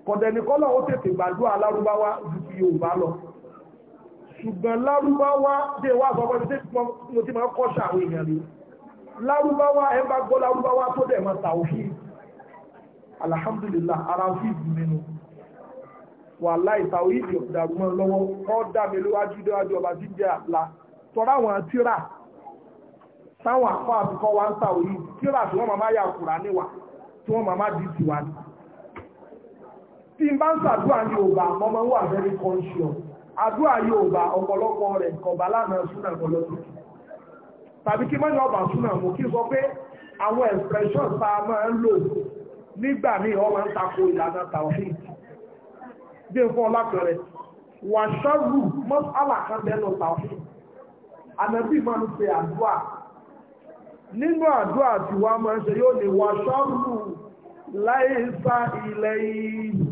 kọ̀dẹ̀nikọ́lọ̀ ó tètè gbàdúrà lárúbáwá ju ti yorùbá lọ ṣùgbọ́n lárúbáwá dé wá àbọ̀bọ̀ tí mo ti máa kọ́ṣà àwọn èèyàn rí lárúbáwá ẹ bá gbọ́ lárúbáwá tó dẹ̀ máa tàwọ́fì alhamdulillah ara fi ìdùnnú wà láì tàwọ́ ìdì ọ̀dàrúmọ́ lọ́wọ́ ọ́ dá mi lówájú déwájú ọba tí jẹ́ àlá tọ́ra àwọn tíra táwọn àfọ́ àbíkọ́ wa ń tàwọ́ yìí tíra tí wọ́n máa yà kùrà níwà tí wọ́n máa dì sí wa ní tí n bá ń sàdúrà Yorùbá mo wà very conscious àdúrà Yorùbá ọ̀pọ̀lọpọ̀ rẹ̀ kọ̀bá lánàá súnà ọ̀pọ̀lọpọ̀ tàbí kí mọ́ni ọba súnà mú kí sọ pé àwọn expression tá a máa ń lò nígbà míì wọ́n máa ń tako ìlànà tàwíìd bí n fún ọlápẹrẹ wàṣọrù mọ́sálà kan bẹ́ẹ̀ lọ tàwíìd ànábì máa ń pe àdúrà nínú àdúrà tí wọ́n máa ń ṣe yóò ní wàṣọrù láìsá ilẹ̀ yìí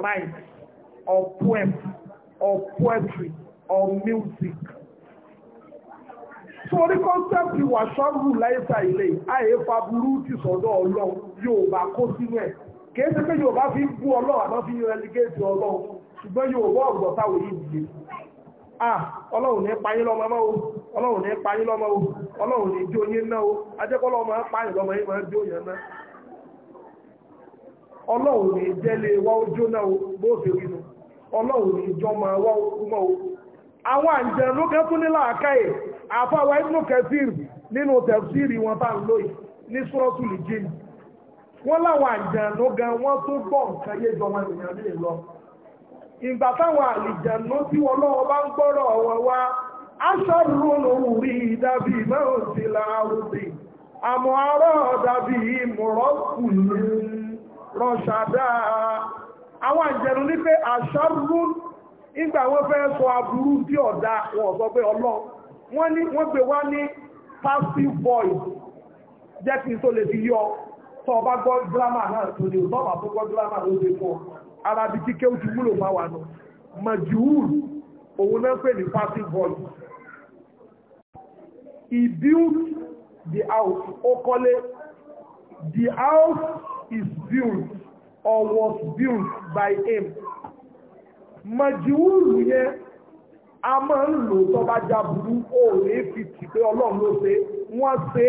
life, or poem, or poetry, or music. Torí kọ́nsẹ́pì wàṣọ́rù láìsà ilé, àìfà burú ti sọ̀dọ̀ ọlọ́run yóò bá kó sínú ẹ̀. Kìí sí pé yóò bá fi ń bú ọlọ́run àbá fi ń rẹligéètì ọlọ́run, ṣùgbọ́n yóò bọ́ ọ̀gbọ̀n táwọn yìí dìde. Ah, ọlọ́run ní payín lọ́mọ mọ́ o, ọlọ́run ní payín lọ́mọ o, ọlọ́run ní jó yín náà o, ajẹ́kọ́lọ́ ọmọ payín lọ́mọ yín máa jó yẹn náà ọlọ́run ní jẹ́lé wá ó jóná o bó ṣe rí nu ọlọ́run ní jọ máa wá ó kú mọ́ o àwọn àǹjẹ̀ ló kẹ́ tún ní làákàyè àfáwà ibnu kẹfìr nínú tẹ̀síìrì wọn bá ń lóyè ní sọ́ọ̀tù lìjìn wọ́n láwọn àǹjẹ̀ ló gan wọ́n tó gbọ́ nǹkan yé jọmọ ènìyàn nílé lọ ìgbà táwọn àlìjànú tí wọn lọ́wọ́ bá ń gbọ́rọ̀ wọn wá aṣọ́rùn lòun rí dàbí mẹ́rùn-ún sí rọ̀ṣàdá àwọn àjẹ̀rù ní pé àṣàrú ìgbà wọ́n fẹ́ sọ aburú bí ọ̀dá wọn sọ pé ọlọ́run wọ́n ní wọ́n gbé wá ní passive voice jẹ́ kí n tó lè fi yọ tó ọba gbọ́ gírámà náà tó lè tọ́ ọba tó gbọ́ gírámà ló dé fún ọ ara bí kíkẹ́ ó ti wúlò máa wà nù majúùl òun náà pè ní passive voice he built the house ó kọ́lé the house is built or was built by him mọ̀jìwúrù yẹn a máa ń lò tó bá já burú ó lè fi tì pé ọlọ́run ló ṣe wọ́n ṣe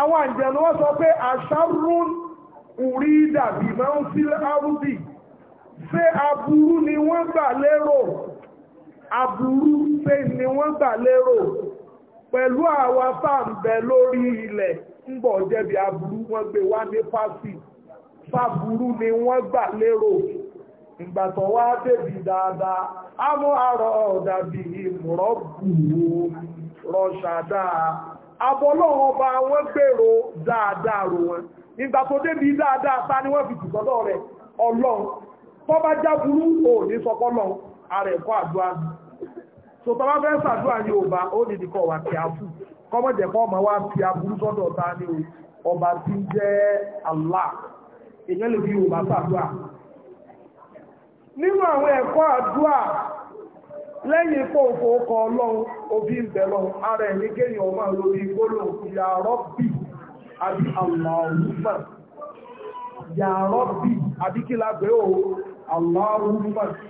àwọn àjẹ̀nú wọ́n sọ pé àṣàrún orí dàbí máa ń sí áwùdì ṣé aburú ni wọ́n gbà lérò aburú ṣe ni wọ́n gbà lérò pẹ̀lú àwa tá lórí ilẹ̀ ń jẹ́bi aburú wọ́n gbé wá ní fásitì fáburú ni wọ́n gbà lérò ìgbà wá débi dáadáa á mú àrọ̀ dàbí ìmùrọ̀bù rọ̀ṣàdá abọ́lọ́wọ́ bá wọ́n gbèrò dáadáa rò wọn ìgbà tó débi dáadáa ta ni wọ́n fi tìtọ́dọ̀ rẹ̀ ọlọ́run bá jáburú àdúrà so tọ́lá fẹ́ sàdúrà ọba ó nìdí kọ́ wà kí a fún kọ́mọ̀jẹ̀ kọ́ ọmọ wa fi aburú sọ́dọ̀ ni o ọba ti ń jẹ́ Allah èèyàn lè fi Yorùbá nínú àwọn ẹ̀kọ́ àdúrà lẹ́yìn ikọ̀ ọkọ̀ ọlọ́run òbí ara ẹ̀ ní kéèyàn ọmọ lórí gbólóhùn àbí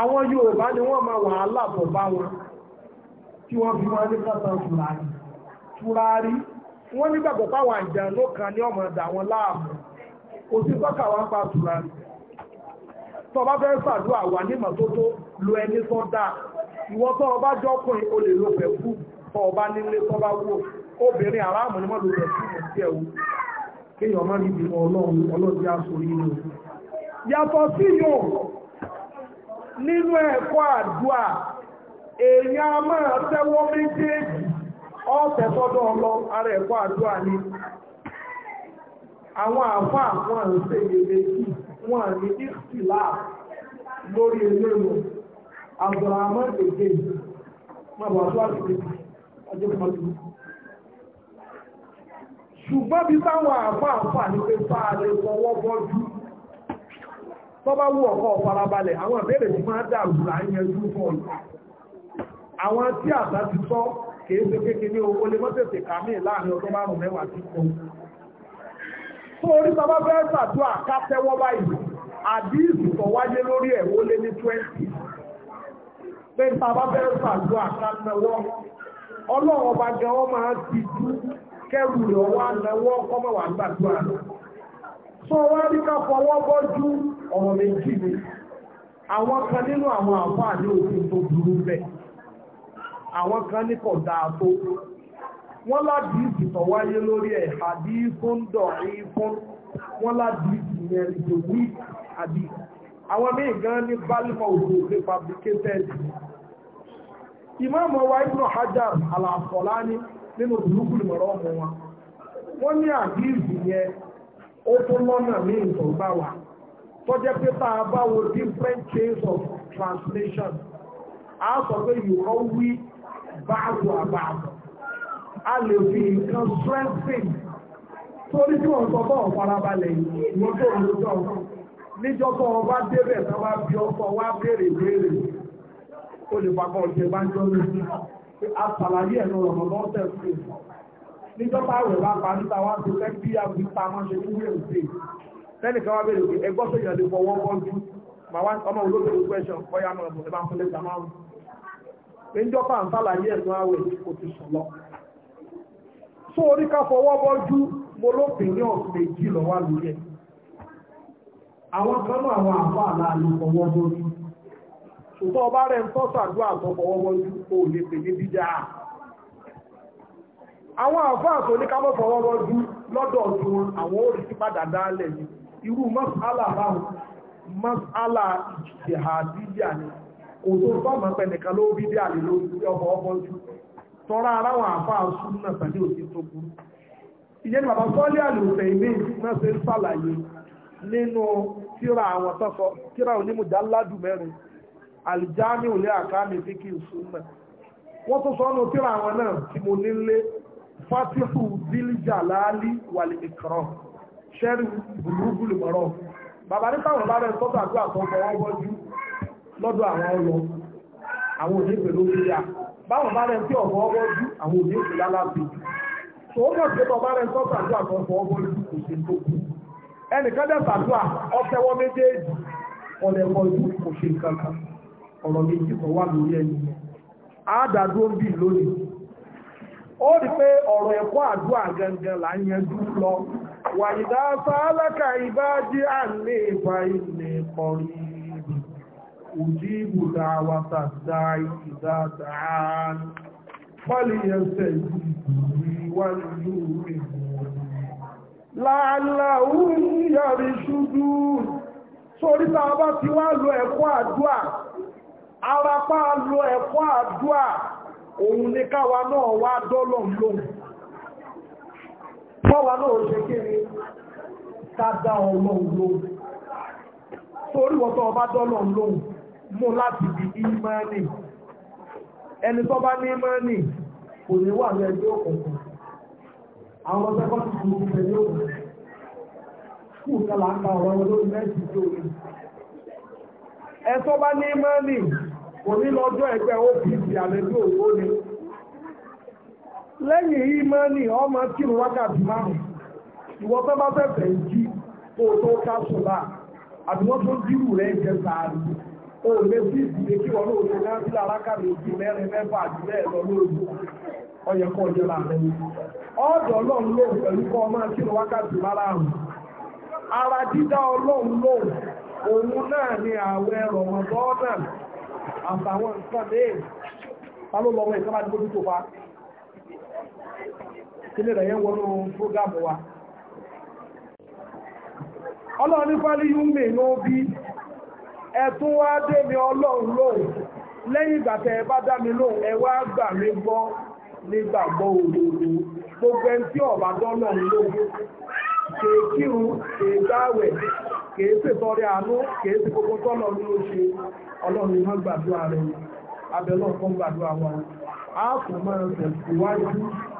àwọn Yorùbá ni wọ́n máa wàhálà bọ̀ bá wọn tí wọ́n fi wọ́n ní kọ́sàn tùràrí tùràrí wọ́n nígbàgbọ́ páwọn àjànú kan ní ọmọ ẹ̀dà wọn láàmú kò sí tọ́ka wá ń pa tùràrí tó bá fẹ́ ṣàdúrà wà ní ìmọ̀tótó lo ẹni tó dáa ìwọ tó o bá jọkùnrin o lè lo pẹ̀fú tó o bá nílé tó bá wò obìnrin aráàmù ni wọ́n lo pẹ̀fú mọ̀ sí ẹ̀wù kéèyàn má rí ìbímọ ọlọ́run ọlọ́run yá sórí inú yàtọ̀ sí yóò nínú ẹ̀kọ́ àdúà èèyàn a máa tẹ́wọ́ méjèèjì ọlọ ara ẹ̀kọ́ àdúà ni àwọn àfá àwọn àrùsẹ̀ ìrètí wọn ní ìsìlá lórí eléwò Abdulrahman èdè mọ̀bọ̀ ṣùgbọ́n bí àfá àfá ní pé tọ́bá wù ọ̀kọ́ ọ̀farabalẹ̀ àwọn ìbéèrè tí máa dàrú là ń yẹn tún fún ọ̀nà àwọn tí àṣà ti sọ kìí ṣe kékeré owó lè mọ́tẹ̀ẹ̀tẹ̀ kàmí láàrin ọdún márùn-ún mẹ́wàá tí kò tó orí tọ́bá fẹ́ ṣàdúrà ká tẹ́wọ́ báyìí àdíìsì tó wáyé lórí ẹ̀ ó lé ní 20 pé tọ́bá fẹ́ ṣàdúrà ká tẹ́wọ́ ọlọ́run ọba gan wọ́n máa ti dú kẹrù rẹ̀ wá náwọ́ kọ́mọ̀wá gbàdúrà lọ sọ wá rí ká fọwọ́ bọ́jú ọmọ méjì ni àwọn kan nínú àwọn àfáà ní òfin tó burú bẹ́ẹ̀ àwọn kan ní kọ̀ dáa tó wọ́n láti ìsìtọ̀ wáyé lórí ẹ̀ àbí fún dọ̀rí fún wọ́n láti ìsìnyẹn ìdè àbí àwọn míì ní bálímọ̀ òfin òfin fabricated ìmáàmù wa Ibn Hajar al-Asqalani nínú burúkú ìmọ̀ràn ọmọ wọn wọ́n ní àbí ìsìnyẹn ó tún lọ́nà míì tó tọ́jẹ́ pé tá a bá wo different chains of translation a sọ pé yòókọ́ wí báàbò àbáàbò a lè fi nǹkan strengthen torí tí wọ́n sọ bọ́ ọ̀farabalẹ̀ yìí wọ́n tó ń lójọ́ ọ̀hún níjọba ọba débẹ̀ tó wá bí ọkọ̀ wá béèrè béèrè ó lè papọ̀ ọ̀jẹ̀ bá ń jọ lójú àtàlàyé ẹ̀nà ọ̀rọ̀ lọ́sẹ̀ sí níjọba rẹ̀ bá parí táwọn ti fẹ́ bí àbí pamọ́ ṣe níwèé òde tẹ́nì kan wá bẹ̀rẹ̀ òkè ẹgbọ́ sóyìn àlè fọ wọ́n wọ́n jú ọmọ olóògbé question bọ́yá mọ̀ ẹ̀bùn ẹ̀bá fún lẹ́sà márùn pé ń jọpa ń sàlàyé ẹ̀sùn àwẹ̀ kò ti sùn lọ so orí ká fọwọ́ bọ́ jú mo ló pè ní ọ̀sùn méjì lọ wá lórí ẹ̀ àwọn kan náà àwọn àfọ àlà àlè fọwọ́ bọ́ jú ṣùgbọ́n ọba rẹ̀ ń tọ́sọ àdúrà tó fọwọ́ bọ́ jú kò lè pè ní bíjà àwọn àfọ àtòníkàmọ́ fọwọ́ bọ́ jú lọ́dọ̀ ọ̀dún àwọn òrìṣípàdà dálẹ̀ yìí irú mas'ala báwọn mas'ala ìjìdìhàdíyà ni kò tó fọ́ọ̀mù pẹ̀ nìkan ló bí dí àlè lórí ọmọ ọmọ jù tọ́ra aráwọ̀ àfáà sún náà tàbí òsì tó burú ìyẹn ni bàbá sọ́ọ́lì àlùfẹ́ ilé náà ṣe ń ṣàlàyé nínú tíra àwọn tọ́sọ tíra onímùjá ládùú mẹ́rin àlìjáàmì òlé àkáàmì fíkì ìṣúná wọ́n tó sọ́nù tíra àwọn náà tí mo nílé fatihu bílíjà láálí wàlì ṣẹ́rù gbùlúgbùlù mọ̀rọ̀ bàbá ní táwọn bá rẹ̀ sọ́tọ̀ àdúrà tó fọwọ́ wọ́jú lọ́dọ̀ àwọn ọlọ àwọn òní pẹ̀lú orí à báwọn bá rẹ̀ tí ọ̀fọ́ wọ́jú àwọn òní pẹ̀lú alábì tó ó kọ̀ sí bàbá rẹ̀ sọ́tọ̀ àdúrà tó fọwọ́ wọ́jú kò ṣe tó kù ẹnìkan dẹ̀ sàdúrà ọ̀fẹ́wọ́ méjèèjì ọ̀lẹ́kọ̀ ojú kò ṣe kankan ọ̀rọ̀ méjì kan wà lórí ẹni àádàdúró bì lónìí ó rí pé ọ̀rọ̀ ẹ̀kọ́ àdúrà gangan là ń yanjú lọ wàyídá sáálàkà ìbájí àlè ìfàìlè kọrí ibi òjí ìbùdá àwàtà dá ìdá dáán fọ́lì ẹsẹ̀ ìbùrí wà nínú rẹ̀ láàláhùn yàrí ṣúdú sórí tá ní káwa náà wá Fọ́wà náà ṣe kéré kájá ọlọ́run lóhun. Torí wọ́n tó ọba dọ́lọ́run lóhun mú láti di ìmọ́ni. Ẹni tó bá ní ìmọ́ni kò ní wà ní ẹgbẹ́ òkùnkùn. Àwọn ọ̀sẹ̀kọ́ ti kú ní ẹgbẹ́ òkùnkùn. Kúù kẹlà ń ka ọ̀rọ̀ wọn lórí mẹ́sì tó rí. Ẹ tó bá ní ìmọ́ni kò ní lọ́jọ́ ẹgbẹ́ òkùnkùn àlejò òwò ni. lẹ́yìn ìmánì ọmọ kírun wákàtí márùn ìwọ tó bá fẹ́ jí kó tó ká sọ̀lá àbí wọ́n tó dírù rẹ̀ jẹ sàárì ó lè sí ìdílé kí na lóòótọ́ náà sí alákàrí mere mẹ́rin mẹ́fà àti bẹ́ẹ̀ lọ ọyẹ kọ́ ọ̀dọ̀ lò pẹ̀lú kọ́ ọmọ wákàtí márùn ara dídá lò òun náà ni rọ̀mọ̀dọ́ náà àtàwọn nǹkan kílé rẹ̀ yẹn wọnú fúrógámù wa ọlọ́run ní fálí yúmì ló bí ẹ̀tún wá dé mi ọlọ́run lóhùn lẹ́yìn ìgbà bá dá mi lóhùn ẹ gbà mí gbọ́ nígbàgbọ́ gbogbo tí dọ́nà kèé kírun a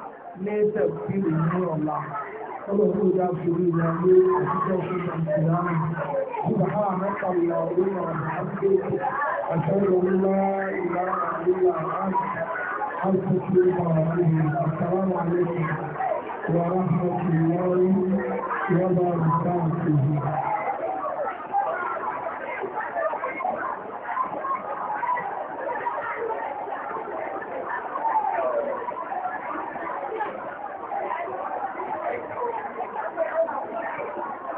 lẹ́ẹ̀tẹ̀ sí ìlú ọ̀la ọlọ́run tó dá sí orí ìlú ayé àtijọ́ fún nàìjíríà nígbà àwọn àmẹ́ta ìlà orí ọ̀la àti àṣẹyọ ńlá ìlà àríwá àti àti àṣàwọn àlejò wàhálà àti ìwọ́rí ìwọ́n bá rìsáàtì yìí.